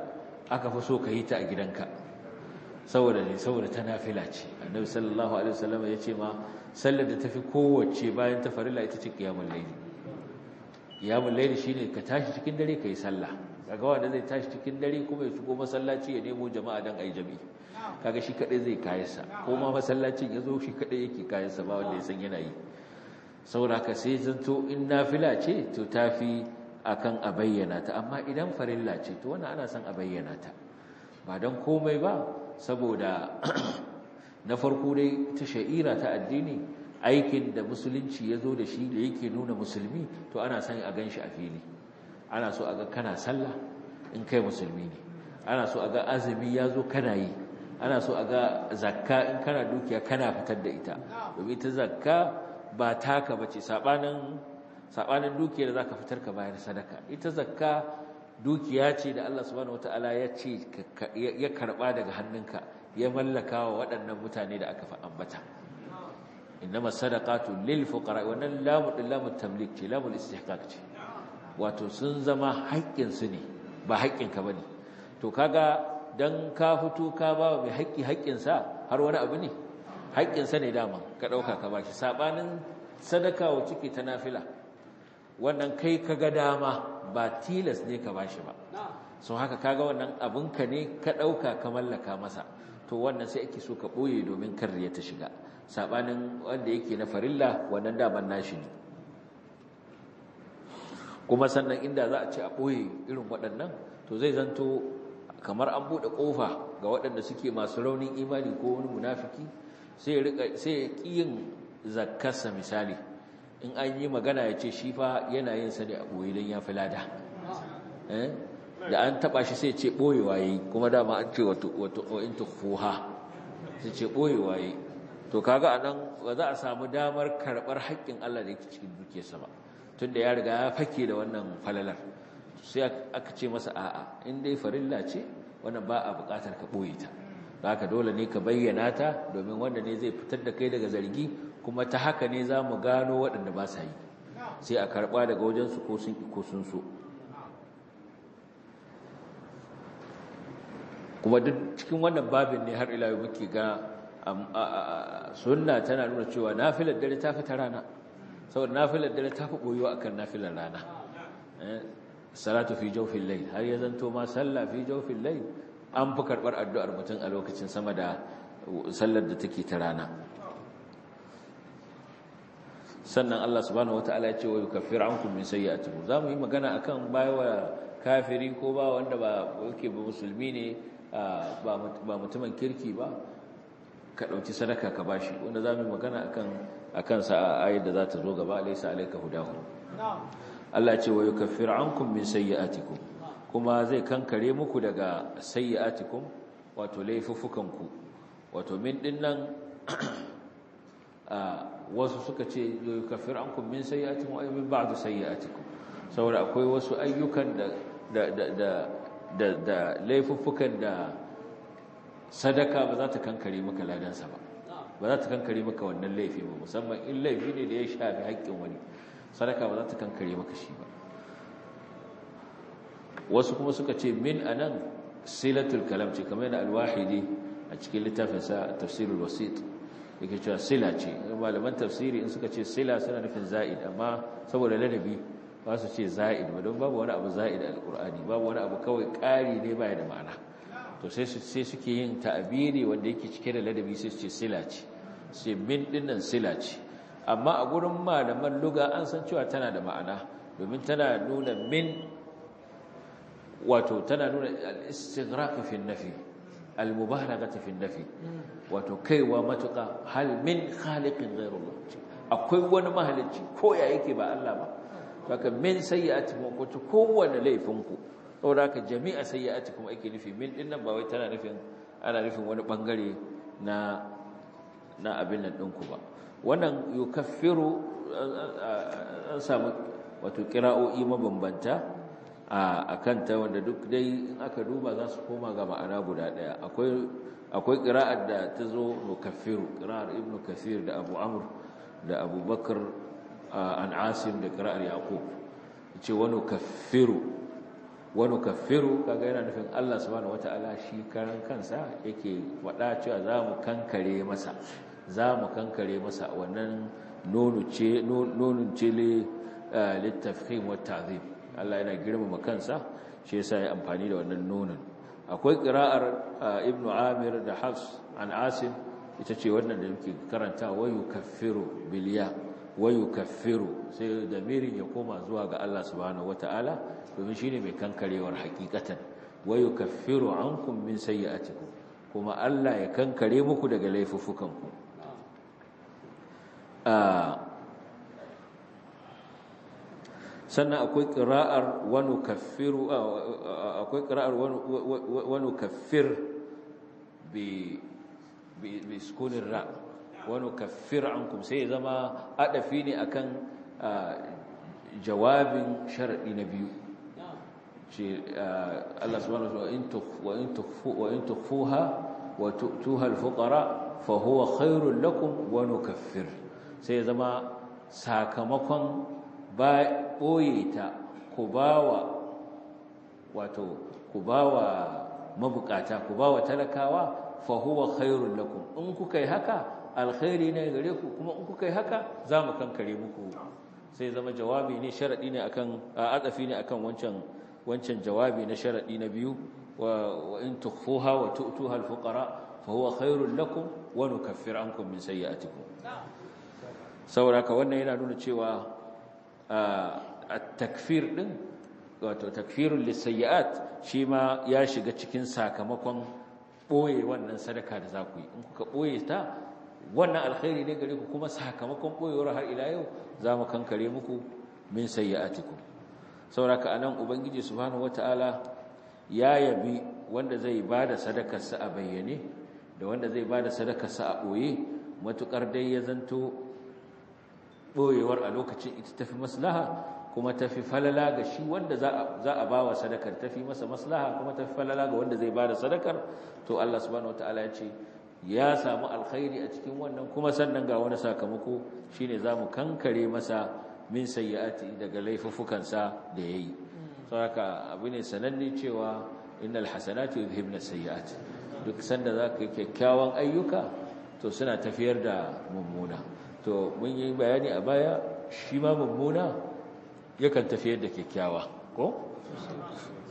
aka fi so ka yi ta a gidanka saboda ne saboda ta nafila ce annabi sallallahu alaihi wasallam ya ce ma sallar da tafi kowace bayan ta farilla ita ce qiyamul layli qiyamul shi ne ka tashi cikin dare ka kai sallah kaga wanda zai tashi cikin dare kuma ya shigo masallaci ya nemo jama'a dan ayi jam'i kaga shi kadai zai kayarsa ko ma masallacin ya zo shi kadai yake kayarsa ba wanda ya san yana yi Saura ka sai zanto in na nafila ce to tafi akan a bayyana ta amma idan farilla ce to wannan ana son a bayyana ta ba dan komai ba saboda na farko dai ta sha'ira ta addini aikin da musulunci ya zo da shi da yake nuna musulmi to ana son a gan shi a fili ana so a ga kana sallah in kai musulmi ne ana so a ga azumi ya zo kana yi ana so a ga zakka in kana dukiya kana fitar da ita domin ita zakka ba taka bace sabanin sabanin dukiyar da zaka fitar ka bayar sadaka ita zakka dukiya ce da Allah subhanahu wataala ya ce ya karba daga hannunka ya mallaka wa waɗannan mutane da aka ambata innama sadaqatu lil fuqara wannan lamu din lamu tamlik ce lamu istihqaq ce wato sun zama haƙƙin su ne ba haƙƙin ka bane to kaga dan ka fito ka ba mai haƙƙi haƙƙin sa har wani abu ne haƙƙin sa ne dama ka dauka ka bashi sabanin sadaka wa ciki ta nafila wannan kai kaga dama ba tilas ne ka bashi ba so haka kaga wannan ka ne ka dauka ka mallaka masa to wannan sai ake so ka boye domin kar ya ta shiga sabanin wanda yake na farilla wannan daman nashi ne kuma sannan inda za a ce a ɓoye irin waɗannan to zai zanto kamar an buɗe ƙofa ga waɗanda suke masu raunin imani ko wani munafiki sai ya ƙiyin zakkarsa misali in an yi magana ya ce shi fa yana yin sa ne a ɓoye don ya fi lada eh? da an taɓa shi sai ce ɓoye waye, kuma dama an ce wato in ta sai ce ɓoye waye. to kaga anan ba za a samu damar karɓar haƙƙin Allah da yake cikin dukiyarsa ba tunda ya riga ya fake da wannan falalar sai aka ce masa a'a in dai farilla ce wannan ba a buƙatar ka ɓoye ta haka dole ne ka bayyana ta domin wanda ne zai fitar da kai daga zargi kuma ta haka ne za mu gano waɗanda ba sa yi sai a karɓa daga wajensu ko sun ko sun so kuma duk cikin wannan babin ne har ila muke ga sunna tana nuna cewa nafilar dare ta fi ta rana saboda nafilar dare ta fi boyuwa akan nafilar rana eh, salatu fi jaufin lai har ya zanto ma sallah fi jaufin lai an fi karbar addu'ar mutum a lokacin sama da sallar da take ta rana sannan Allah subhanahu wataala ya ce wa yukaffir a min za mu yi magana a kan bayawa kafiri ko ba wanda ba yake ba musulmi ne ba mutumin kirki ba ka ɗauki sadaka ka bashi wanda za mu magana akan akan sa a ayar da za ta zo gaba alaysa alayka hudahu Allah ce wa yukaffir ankum min sayyi'atikum kuma zai kankare muku daga sayyi'atikum wato ku. wato min nan wasu suka ce yukaffir ankum min sayyi'atikum ay min ba'd sayyi'atikum saboda akwai wasu ayyukan da da da da da sadaka ba za ta kankare maka ladansa ba ba za ta kankare maka wannan laifi ba musamman in laifi ne da ya shafi haƙƙin wani sadaka ba za ta kankare maka shi ba wasu kuma suka ce min anan silatul kalam ce kamar yana alwahidi a cikin littafin sa tafsirul wasit yake cewa sila ce malaman tafsiri in suka ce sila suna nufin za'id amma saboda ladabi ba su ce za'id ba don babu wani abu za'id Alƙur'ani babu wani abu kawai ƙari ne baya da ma'ana to sai suke yin ta'abiri wanda yake cike da ladabi sai ce sila ce sai min dinnan sila amma a gurin malaman luga an san cewa tana da ma'ana domin tana nuna min wato tana nuna al-istighraq fi an-nafi al-mubalaghah fi an-nafi wato kaiwa matuka hal min khaliqin ghayrullah akwai wani mahalicci ko ya yake ba Allah ba saka min sayyi'ati ko kowane laifinku saboda haka jami'a sayyi'atikum ake nufi min din nan ba tana nufin ana nufin wani bangare na abin nan ɗinku ba wannan yukaffiru an samu wato kira'o'i mabambanta a kanta wanda duk dai in aka duba za su koma ga ma'ana guda daya. akwai kira'ar da ta zo nukaffiru kira'ar ibn kafir da abu amur da abubakar an asim da kira'ar yakub ce wani wani kafiru kaga yana nufin Allah subhanahu wata'ala shi karan kansa yake faɗa cewa za mu kankare masa za mu kankare masa wannan nonon ce eh, littafin wata zai Allah yana girmama kansa shi yasa ya amfani da wannan nonon akwai ƙira'ar eh, ibn amir da hafs an asim ita ce wannan da muke karanta wayu kafiru biliya wayu kafiru sai damirin ya koma zuwa ga Allah subhanahu Ta'ala domin shine mai kankarewar hakikatan wayu kafiru ankum min sayyi'atikum kuma Allah ya kankare muku daga laifufukanku ah, sannan akwai ƙira'ar wani ah, akwai kafir bi sukunin ra wani kafir ankum sai ya zama adafi ne akan jawabin sharaɗi na biyu ce Allah subhanahu wa ta'ala in tukhfu wa in tukhfuha wa tu'tuha al-fuqara fa huwa lakum wa nukaffir sai ya zama sakamakon ba boye ta ku bawa wato ku bawa mabukata ku bawa talakawa fahuwa huwa khairul lakum in kuka yi haka alkhairi ne gare ku kuma in kuka yi haka za mu kankare muku sai zama jawabi ne sharaɗi ne akan a adafi ne akan wancan wancan jawabi na sharaɗi na biyu wa in tukhfuha wa tu'tuha al-fuqara fa huwa khairul lakum wa nukaffir ankum min sayyi'atikum saboda haka wannan yana nuna cewa at-takfir din wato takfirul lisayyi'at shi ma ya shiga cikin sakamakon ɓoye wannan sadaka da za ku yi in kuka ɓoye ta wannan alkhairi ne gare ku kuma sakamakon boyewar har ila yau za mu kankare muku min sayyi'atikum sauraka anan ubangiji subhanahu wataala ya yabi wanda zai bada sadakar sa a bayyane da wanda zai bada sadakar sa a boye matukar dai ya zanto boyewar a lokacin ita tafi maslaha kuma tafi falala ga shi wanda za a bawa sadakar tafi masa maslaha kuma tafi falala ga wanda zai bada sadakar to Allah subhanahu wataala ya ce ya samu alkhairi a cikin wannan kuma sannan ga wani sakamako shine zamu kankare masa min sayyiati daga laifuffukansa da yayi saboda abu ne sananne cewa innal hasanatu yuzhibna sayyiati duk sanda zaka yi kyakkyawan ayyuka to suna tafiyar da mummuna to mun yi bayani a baya shi ma mummuna yakan tafiyar da kyakkyawa ko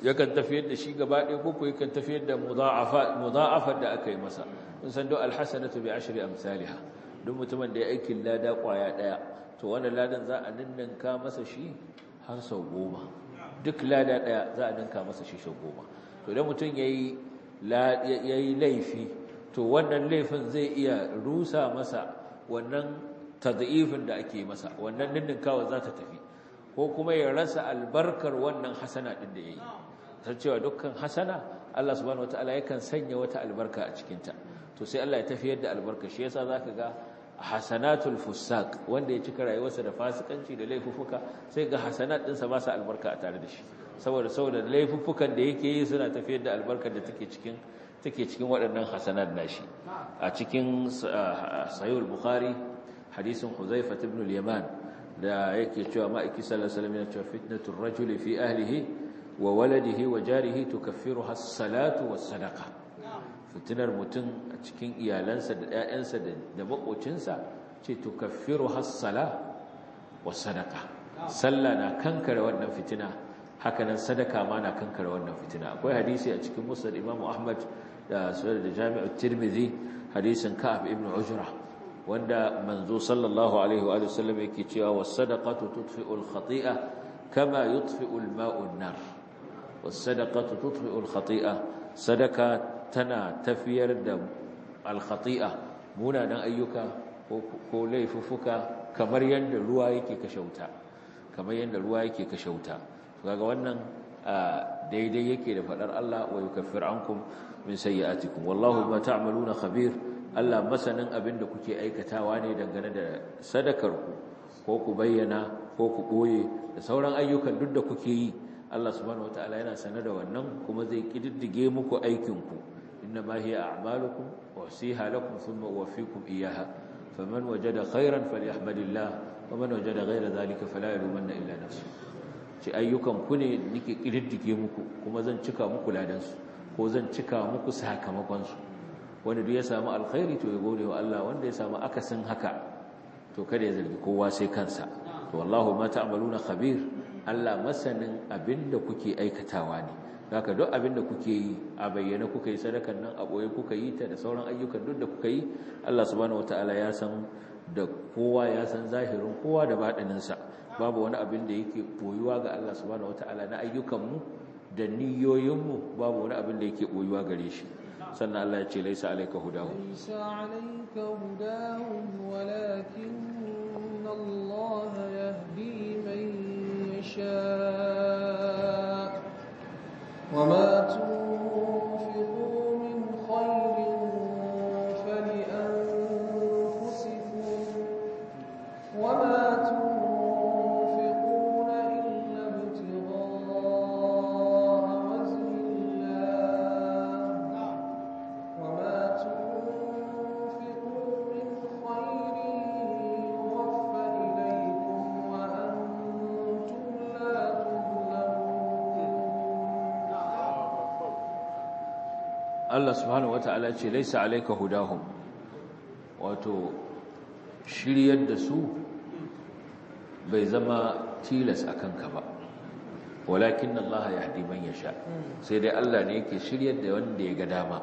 yakan tafiyar da shi gaba ɗaya ko ko yakan tafiyar da muza'afar da aka yi masa in san do ashirin bi misali ha. duk mutumin da ya aikin lada kwaya ɗaya to wannan ladan za a ninninka masa shi har sau goma duk lada ɗaya za a ninka masa shi sau goma to da mutum yayi yayi laifi to wannan laifin zai iya rusa masa wannan tad'ifin da ake masa wannan ninninkawa za ta tafi ko kuma ya rasa albarkar wannan hasana ɗin da yayi sai cewa dukkan hasana Allah subhanahu wataala yakan sanya wata albarka a cikin ta to sai Allah ya tafiyar da albarka shi yasa zaka ga hasanatul fusaq wanda ya cika rayuwarsa da fasikanci da laifuffuka sai ga hasanat ɗinsa ba sa albarka a tare da shi saboda saboda laifuffukan da yake yi suna tafiyar da albarkar da take cikin take cikin waɗannan hasanat nashi a cikin ah, sahih al-bukhari hadisin huzaifah ibn al-yaman da yake cewa ma'aiki sallallahu alaihi wasallam cewa fitnatul rajuli fi ahlihi wa waladihi wa jarihi tukaffiruha as-salatu was-sadaqa fitinar mutum a cikin iyalansa da ƴaƴansa da makocinsa ce tukaffiruha as-sala was-sadaqa sallah na kankare wannan fitina hakanan sadaka ma na kankare wannan fitina akwai hadisi a cikin musnad Imam Ahmad da sunan da Jami'u Tirmidhi hadisin Ka'ab ibn Ujrah wanda manzo sallallahu alaihi wa sallam yake cewa was-sadaqatu tudfi'u al-khati'a kama yudfi'u al-ma'u an-nar was-sadaqatu tudfi'u al-khati'a sadaka tana tafiyar da al-khati'a munanan ayyuka ko laifufuka kamar yanda ruwa yake kashe kamar yanda ruwa yake kashe wuta kaga wannan daidai yake da fadar Allah wa yukaffir ankum min sayyi'atikum wallahu ma ta'maluna khabir Allah masanin abin da kuke aikatawa ne dangane da sadakarku ko ku bayyana ko ku ɓoye da sauran ayyukan duk da kuke yi Allah subhanahu wataala yana sanar da wannan kuma zai kididdige muku aikinku inna ma hiya a'malukum siha lakum thumma uwaffikum iyyaha faman wajada khairan falyahmadillah man wajada ghayra dhalika fala yalumanna illa nafsuhu Ci ayyukan ku ne nake kididdige muku kuma zan cika muku ladansu ko zan cika muku sakamakonsu wanda duk ya samu alkhairi to ya gode wa Allah wanda ya samu akasin haka to kada ya zargi kowa sai kansa to wallahu ma ta'maluna khabir Allah masanin abinda kuke aikatawa ne haka duk abinda kuke yi a bayyana kuka yi sadakan nan a boye kuka yi ta da sauran ayyukan duk da kuka yi Allah subhanahu wataala ya san da kowa ya san zahirin kowa da sa babu wani abin da yake boyuwa ga Allah subhanahu wataala na ayyukanmu da niyoyinmu babu wani abin da yake boyuwa gare shi سنة التي ليس عليك هداهم ليس عليك هداهم ولكن الله يهدي من يشاء وما تنفق Allah subhanahu wata'ala ce laisa alayka hudahum wato shiryar da su bai zama tilas akan ka ba walakin Allah ya haɗi man sha sai dai Allah ne yake shiryar da wanda ya ga dama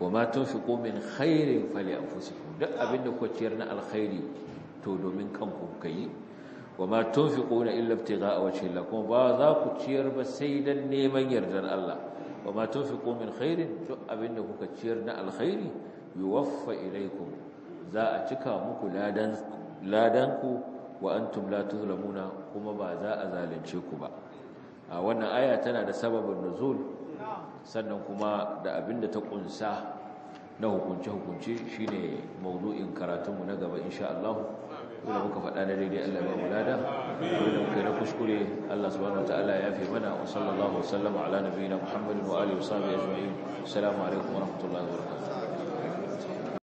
kuma ma tunfiqu min khairin fali anfusikum duk abinda ku ciyar na alkhairi to domin kanku kai wa ma tunfiquna illa ibtigha'a wajhi Allah kuma ba za ku ciyar ba sai dan neman yardar Allah wa ma tunfiqu min khairin duk abinda kuka ciyar na alkhairi yuwaffa ilaykum za a cika muku ladan ladanku wa antum la tuzlamuna kuma ba za a zalunce ku ba a wannan aya tana da sababin nuzul sannan kuma da abinda ta kunsa na hukunce hukunce shine mawdu'in karatunmu na gaba insha Allah wanda muka faɗa da daidai Allah ba mulada wanda muka na kuskure Allah subhanahu wataala ya fi mana wa sallallahu wa sallama ala na Muhammadin wa alihi wa sahbihi ajma'in assalamu alaikum wa rahmatullahi